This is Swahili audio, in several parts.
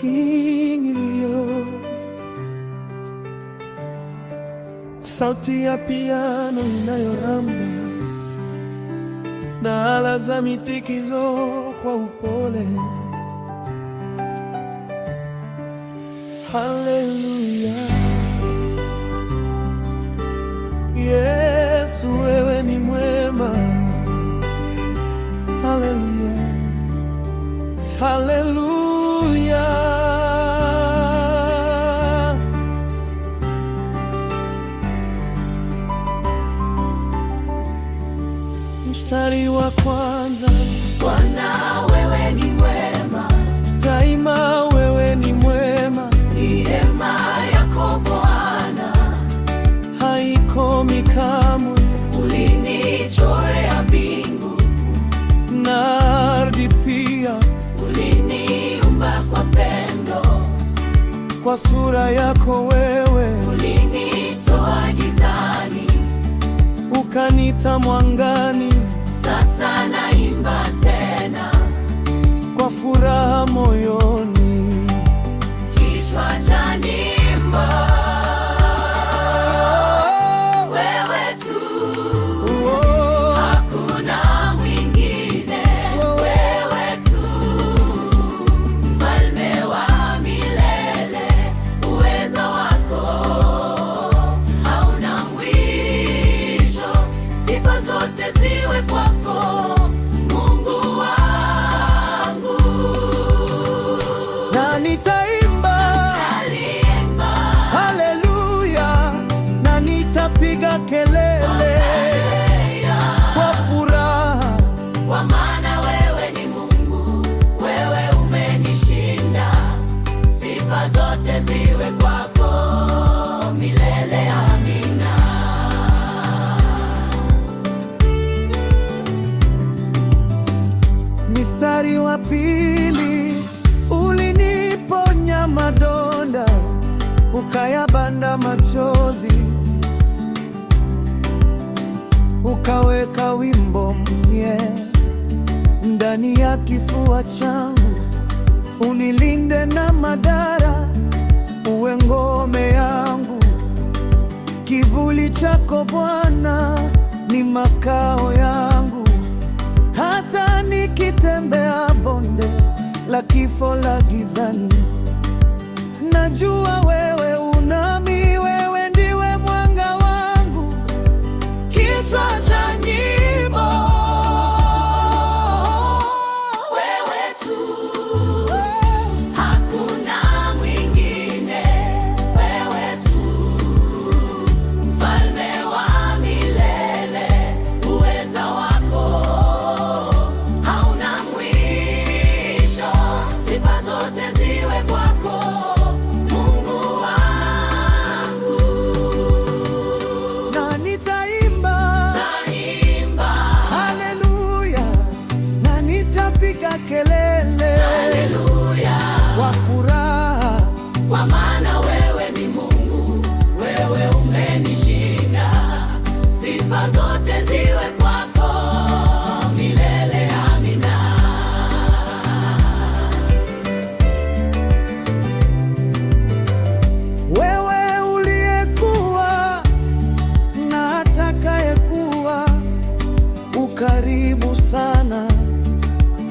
kiingilio. Sauti ya piano inayoramba na ala za mitikizo kwa upole. Haleluya, Yesu wewe ni mwema. Haleluya, haleluya. wa kwanza. Bwana wewe ni mwema, daima wewe ni mwema, neema yako Bwana haikomi kamwe. Ulinichorea mbingu na ardhi pia, uliniumba kwa pendo, kwa sura yako wewe ukanita mwangani sana, imba tena kwa furaha moyo piga kelele kwa furaha, kwa maana wewe ni Mungu, wewe umenishinda. Sifa zote ziwe kwako milele, amina. Mstari wa pili, uliniponya madonda, ukayabanda machozi ukaweka wimbo mye ndani ya kifua changu, unilinde na madhara, uwe ngome yangu. Kivuli chako Bwana ni makao yangu, hata nikitembea bonde la kifo la gizani najua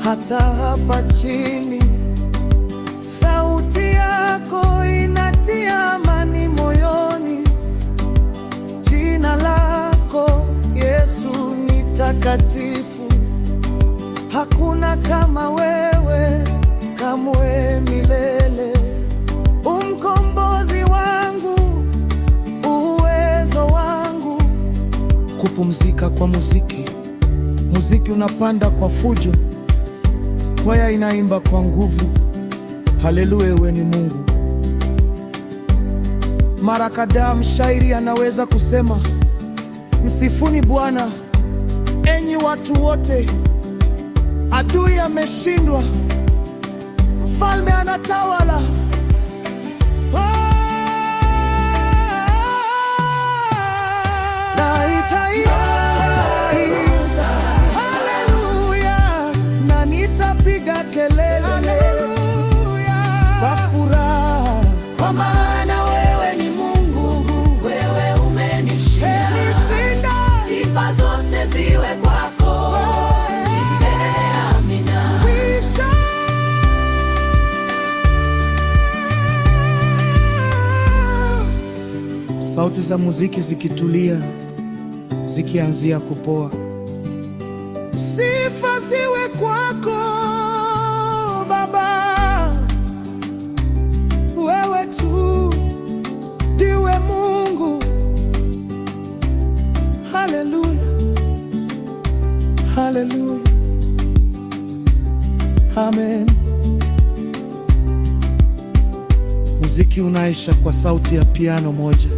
hata hapa chini. Sauti yako inatia amani moyoni. Jina lako Yesu ni takatifu, hakuna kama wewe kamwe milele. Umkombozi wangu, uwezo wangu. Kupumzika kwa muziki, muziki unapanda kwa fujo Kwaya inaimba kwa nguvu, haleluya, wewe ni Mungu. Mara kadhaa mshairi anaweza kusema, msifuni Bwana enyi watu wote, adui ameshindwa, mfalme anatawala. sauti za muziki zikitulia, zikianzia kupoa. Sifa ziwe kwako Baba, wewe tu ndiwe Mungu. Haleluya, haleluya, amen. Muziki unaisha kwa sauti ya piano moja.